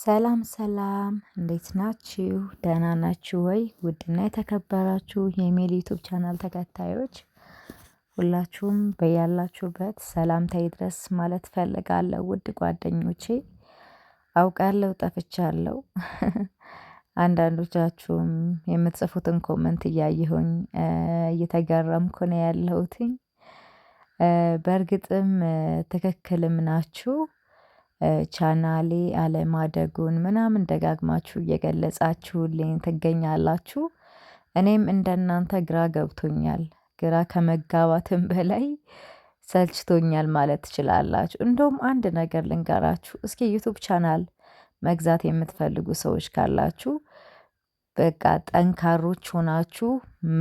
ሰላም ሰላም እንዴት ናችሁ? ደህና ናችሁ ወይ? ውድና የተከበራችሁ የሜል ዩቱብ ቻናል ተከታዮች ሁላችሁም በያላችሁበት ሰላምታ ይድረስ ማለት ፈልጋለሁ። ውድ ጓደኞቼ አውቃለሁ ጠፍቻለሁ። አንዳንዶቻችሁም የምትጽፉትን ኮመንት እያየሁኝ እየተገረምኩ ነው ያለሁትኝ። በእርግጥም ትክክልም ናችሁ። ቻናሌ አለማደጉን ምናምን ደጋግማችሁ እየገለጻችሁልኝ ትገኛላችሁ። እኔም እንደናንተ ግራ ገብቶኛል ግራ ከመጋባትም በላይ ሰልችቶኛል ማለት ትችላላችሁ። እንደውም አንድ ነገር ልንገራችሁ እስኪ ዩቱብ ቻናል መግዛት የምትፈልጉ ሰዎች ካላችሁ በቃ ጠንካሮች ሆናችሁ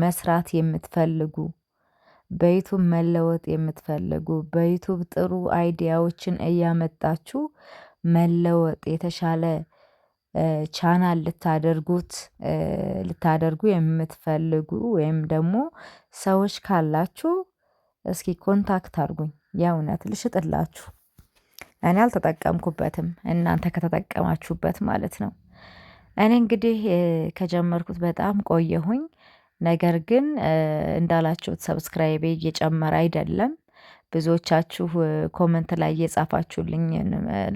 መስራት የምትፈልጉ በዩቱብ መለወጥ የምትፈልጉ በዩቱብ ጥሩ አይዲያዎችን እያመጣችሁ መለወጥ የተሻለ ቻናል ልታደርጉት ልታደርጉ የምትፈልጉ ወይም ደግሞ ሰዎች ካላችሁ እስኪ ኮንታክት አድርጉኝ የእውነት ልሽጥላችሁ እኔ አልተጠቀምኩበትም እናንተ ከተጠቀማችሁበት ማለት ነው። እኔ እንግዲህ ከጀመርኩት በጣም ቆየሁኝ ነገር ግን እንዳላችሁት ሰብስክራይቤ እየጨመረ አይደለም። ብዙዎቻችሁ ኮመንት ላይ እየጻፋችሁልኝ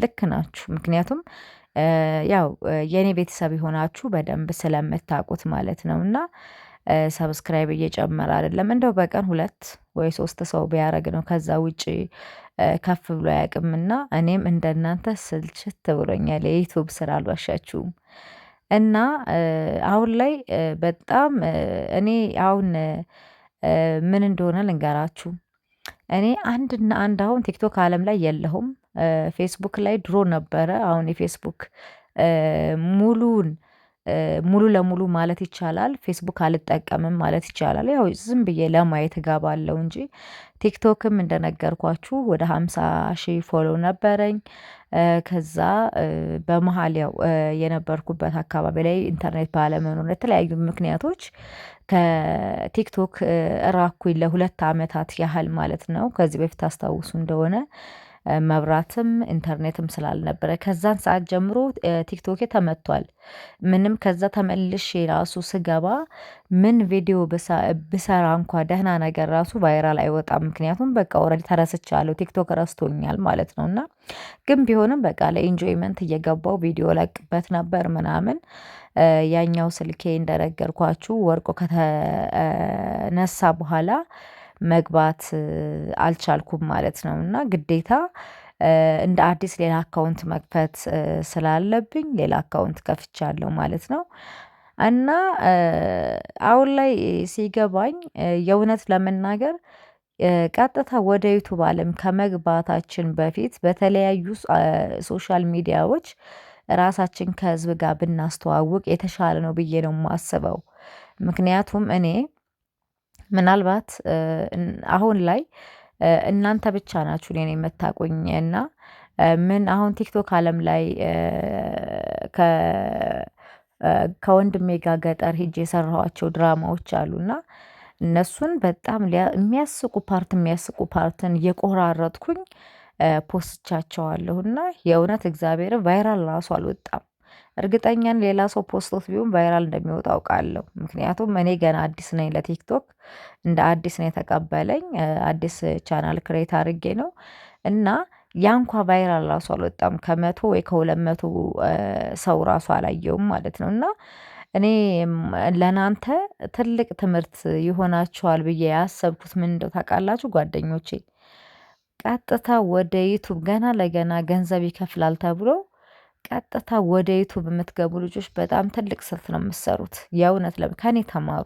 ልክ ናችሁ። ምክንያቱም ያው የኔ ቤተሰብ የሆናችሁ በደንብ ስለምታውቁት ማለት ነው። እና ሰብስክራይብ እየጨመረ አይደለም። እንደው በቀን ሁለት ወይ ሶስት ሰው ቢያደርግ ነው። ከዛ ውጭ ከፍ ብሎ አያውቅምና እኔም እንደናንተ ስልችት ብሎኛል። የዩቱብ ስራ አልዋሻችሁም። እና አሁን ላይ በጣም እኔ አሁን ምን እንደሆነ ልንገራችሁ። እኔ አንድ አንድ አሁን ቲክቶክ አለም ላይ የለሁም። ፌስቡክ ላይ ድሮ ነበረ አሁን የፌስቡክ ሙሉ ሙሉ ለሙሉ ማለት ይቻላል ፌስቡክ አልጠቀምም ማለት ይቻላል። ያው ዝም ብዬ ለማየት እገባለሁ እንጂ ቲክቶክም እንደነገርኳችሁ ወደ ሀምሳ ሺህ ፎሎ ነበረኝ። ከዛ በመሃል ያው የነበርኩበት አካባቢ ላይ ኢንተርኔት ባለመኖር የተለያዩ ምክንያቶች ከቲክቶክ ራኩኝ ለሁለት አመታት ያህል ማለት ነው። ከዚህ በፊት አስታውሱ እንደሆነ መብራትም ኢንተርኔትም ስላልነበረ ከዛን ሰዓት ጀምሮ ቲክቶኬ ተመቷል። ምንም ከዛ ተመልሼ ራሱ ስገባ ምን ቪዲዮ ብሰራ እንኳ ደህና ነገር ራሱ ቫይራል አይወጣም። ምክንያቱም በቃ ኦልሬዲ ተረስቻለሁ ቲክቶክ ረስቶኛል ማለት ነው። እና ግን ቢሆንም በቃ ለኢንጆይመንት እየገባው ቪዲዮ ለቅበት ነበር ምናምን። ያኛው ስልኬ እንደነገርኳችሁ ወርቆ ከተነሳ በኋላ መግባት አልቻልኩም ማለት ነው። እና ግዴታ እንደ አዲስ ሌላ አካውንት መክፈት ስላለብኝ ሌላ አካውንት ከፍቻለሁ ማለት ነው። እና አሁን ላይ ሲገባኝ የእውነት ለመናገር ቀጥታ ወደ ዩቱብ አለም ከመግባታችን በፊት በተለያዩ ሶሻል ሚዲያዎች ራሳችን ከህዝብ ጋር ብናስተዋውቅ የተሻለ ነው ብዬ ነው የማስበው። ምክንያቱም እኔ ምናልባት አሁን ላይ እናንተ ብቻ ናችሁ እኔን የምታውቁኝ እና ምን አሁን ቲክቶክ አለም ላይ ከወንድሜ ጋር ገጠር ሄጄ የሰራኋቸው ድራማዎች አሉና እነሱን በጣም የሚያስቁ ፓርት የሚያስቁ ፓርትን እየቆራረጥኩኝ ፖስቻቸዋለሁና የእውነት እግዚአብሔር ቫይራል ራሱ አልወጣም እርግጠኛን ሌላ ሰው ፖስቶት ቢሆን ቫይራል እንደሚወጣ አውቃለሁ። ምክንያቱም እኔ ገና አዲስ ነኝ ለቲክቶክ እንደ አዲስ ነው የተቀበለኝ አዲስ ቻናል ክሬት አድርጌ ነው እና ያ እንኳ ቫይራል ራሱ አልወጣም ከመቶ ወይ ከሁለት መቶ ሰው ራሱ አላየውም ማለት ነው እና እኔ ለእናንተ ትልቅ ትምህርት ይሆናችኋል ብዬ ያሰብኩት ምን እንደው ታውቃላችሁ ጓደኞቼ ቀጥታ ወደ ዩቱብ ገና ለገና ገንዘብ ይከፍላል ተብሎ ቀጥታ ወደ ዩቱብ የምትገቡ ልጆች በጣም ትልቅ ስልት ነው የምትሰሩት። የእውነት ከኔ ተማሩ።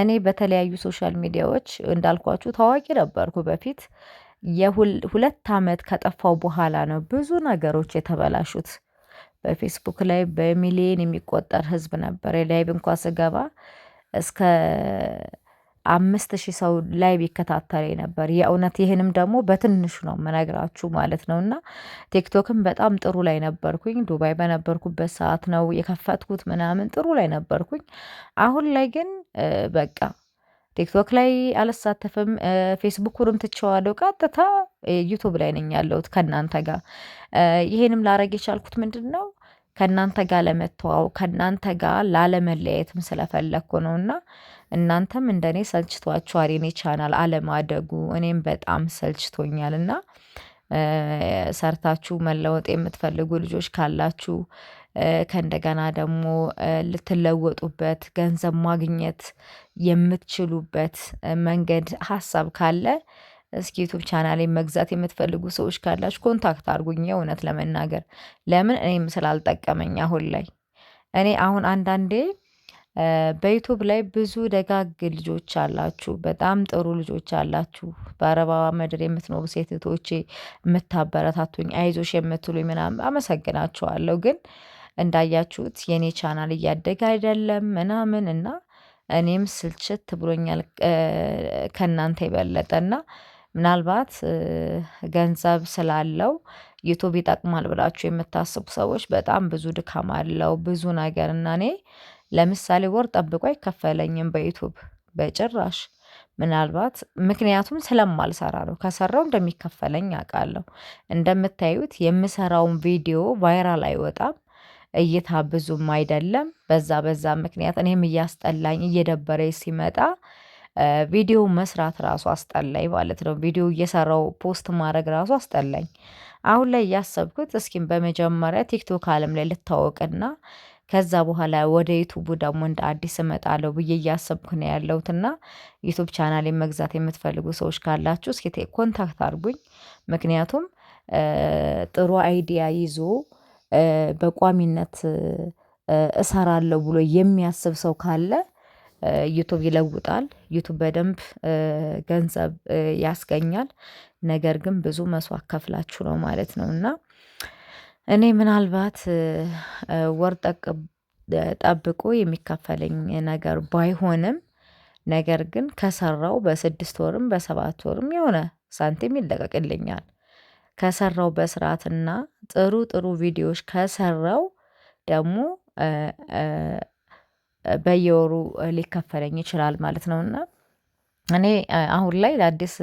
እኔ በተለያዩ ሶሻል ሚዲያዎች እንዳልኳችሁ ታዋቂ ነበርኩ በፊት። የሁለት አመት ከጠፋው በኋላ ነው ብዙ ነገሮች የተበላሹት። በፌስቡክ ላይ በሚሊየን የሚቆጠር ህዝብ ነበር። ላይቭ እንኳ ስገባ እስከ አምስት ሺህ ሰው ላይ ቢከታተለኝ ነበር። የእውነት ይህንም ደግሞ በትንሹ ነው የምነግራችሁ ማለት ነው። እና ቲክቶክም በጣም ጥሩ ላይ ነበርኩኝ። ዱባይ በነበርኩበት ሰዓት ነው የከፈትኩት ምናምን ጥሩ ላይ ነበርኩኝ። አሁን ላይ ግን በቃ ቲክቶክ ላይ አልሳተፍም። ፌስቡኩንም ትቼዋለሁ። ቀጥታ ዩቱብ ላይ ነኝ ያለሁት ከእናንተ ጋር። ይሄንም ላረግ የቻልኩት ምንድን ነው ከእናንተ ጋር ለመተዋው ከእናንተ ጋር ላለመለያየትም ስለፈለግኩ ነው። እና እናንተም እንደኔ ሰልችቷችኋል የኔ ቻናል አለማደጉ፣ እኔም በጣም ሰልችቶኛል። እና ሰርታችሁ መለወጥ የምትፈልጉ ልጆች ካላችሁ ከእንደገና ደግሞ ልትለወጡበት ገንዘብ ማግኘት የምትችሉበት መንገድ ሀሳብ ካለ እስኪ ዩቱብ ቻናል መግዛት የምትፈልጉ ሰዎች ካላችሁ ኮንታክት አድርጉኝ። እውነት ለመናገር ለምን እኔም ስላልጠቀመኝ አሁን ላይ እኔ አሁን አንዳንዴ በዩቱብ ላይ ብዙ ደጋግ ልጆች አላችሁ፣ በጣም ጥሩ ልጆች አላችሁ። በአረባ ምድር የምትኖሩ ሴት እህቶቼ የምታበረታቱኝ፣ አይዞሽ የምትሉኝ ምናምን አመሰግናችኋለሁ። ግን እንዳያችሁት የእኔ ቻናል እያደገ አይደለም ምናምን እና እኔም ስልችት ብሎኛል ከእናንተ የበለጠ እና ምናልባት ገንዘብ ስላለው ዩቱብ ይጠቅማል ብላችሁ የምታስቡ ሰዎች በጣም ብዙ ድካም አለው ብዙ ነገር እና እኔ ለምሳሌ ወር ጠብቆ አይከፈለኝም በዩቱብ በጭራሽ ምናልባት ምክንያቱም ስለማልሰራ ነው ከሰራው እንደሚከፈለኝ አውቃለሁ። እንደምታዩት የምሰራውን ቪዲዮ ቫይራል አይወጣም። እይታ ብዙም አይደለም በዛ በዛ ምክንያት እኔም እያስጠላኝ እየደበረኝ ሲመጣ ቪዲዮ መስራት ራሱ አስጠላኝ ማለት ነው። ቪዲዮ እየሰራው ፖስት ማድረግ ራሱ አስጠላኝ። አሁን ላይ ያሰብኩት እስኪም በመጀመሪያ ቲክቶክ አለም ላይ ልታወቅና ከዛ በኋላ ወደ ዩቱቡ ደግሞ እንደ አዲስ እመጣለሁ ብዬ እያሰብኩ ነው ያለሁት ዩቱብ ቻናል መግዛት የምትፈልጉ ሰዎች ካላችሁ እስኪ ኮንታክት አድርጉኝ። ምክንያቱም ጥሩ አይዲያ ይዞ በቋሚነት እሰራለሁ ብሎ የሚያስብ ሰው ካለ ዩቱብ ይለውጣል። ዩቱብ በደንብ ገንዘብ ያስገኛል። ነገር ግን ብዙ መስዋዕት ከፍላችሁ ነው ማለት ነው። እና እኔ ምናልባት ወር ጠብቆ የሚከፈለኝ ነገር ባይሆንም ነገር ግን ከሰራው በስድስት ወርም በሰባት ወርም የሆነ ሳንቲም ይለቀቅልኛል። ከሰራው በስርዓትና ጥሩ ጥሩ ቪዲዮዎች ከሰራው ደግሞ በየወሩ ሊከፈለኝ ይችላል ማለት ነው። እና እኔ አሁን ላይ ለአዲስ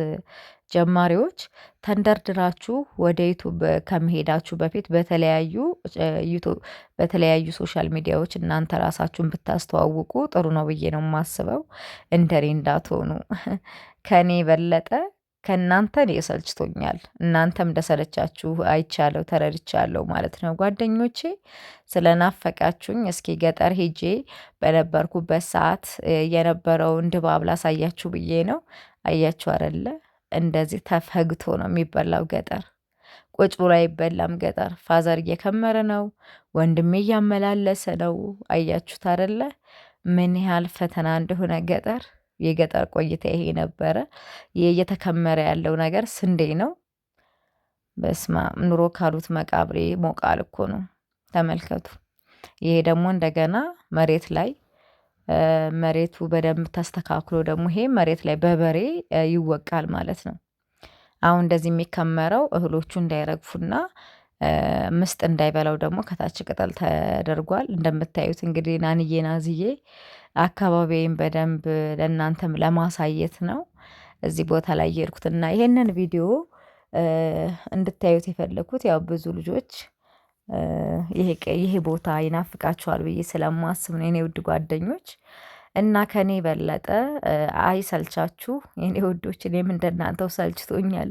ጀማሪዎች ተንደርድራችሁ ወደ ዩቱብ ከመሄዳችሁ በፊት በተለያዩ በተለያዩ ሶሻል ሚዲያዎች እናንተ ራሳችሁን ብታስተዋውቁ ጥሩ ነው ብዬ ነው የማስበው። እንደኔ እንዳትሆኑ ከኔ በለጠ? ከእናንተ እኔ ሰልችቶኛል፣ እናንተም እንደሰለቻችሁ አይቻለሁ፣ ተረድቻለሁ ማለት ነው ጓደኞቼ። ስለናፈቃችሁኝ እስኪ ገጠር ሄጄ በነበርኩበት ሰዓት የነበረውን ድባብ ላሳያችሁ ብዬ ነው። አያችሁ አይደለ? እንደዚህ ተፈግቶ ነው የሚበላው ገጠር። ቁጭ ብሎ አይበላም ገጠር። ፋዘር እየከመረ ነው፣ ወንድሜ እያመላለሰ ነው። አያችሁት አይደለ? ምን ያህል ፈተና እንደሆነ ገጠር የገጠር ቆይታ ይሄ ነበረ። እየተከመረ ያለው ነገር ስንዴ ነው። በስማ ኑሮ ካሉት መቃብሬ ሞቃል እኮ ነው። ተመልከቱ። ይሄ ደግሞ እንደገና መሬት ላይ መሬቱ በደንብ ተስተካክሎ ደግሞ ይሄ መሬት ላይ በበሬ ይወቃል ማለት ነው። አሁን እንደዚህ የሚከመረው እህሎቹ እንዳይረግፉና ምስጥ እንዳይበላው ደግሞ ከታች ቅጠል ተደርጓል። እንደምታዩት እንግዲህ ናንዬ ናዝዬ አካባቢዬን በደንብ ለእናንተም ለማሳየት ነው እዚህ ቦታ ላይ የሄድኩት እና ይሄንን ቪዲዮ እንድታዩት የፈለግኩት ያው ብዙ ልጆች ይሄ ቦታ ይናፍቃችኋል ብዬ ስለማስብ ነው የኔ ውድ ጓደኞች እና ከኔ በለጠ አይ ሰልቻችሁ የኔ ውዶች፣ እኔም እንደናንተው ሰልችቶኛል።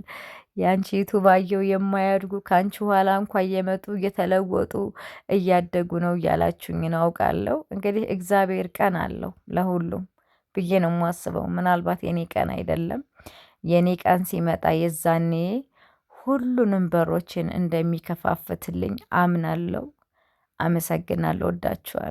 ያንቺ ቱባየው የማያድጉ ከአንቺ ኋላ እንኳ እየመጡ እየተለወጡ እያደጉ ነው እያላችሁኝ እናውቃለሁ። እንግዲህ እግዚአብሔር ቀን አለው ለሁሉም ብዬ ነው የማስበው። ምናልባት የኔ ቀን አይደለም። የኔ ቀን ሲመጣ የዛኔ ሁሉንም በሮችን እንደሚከፋፍትልኝ አምናለሁ። አመሰግናለሁ። ወዳችኋለሁ።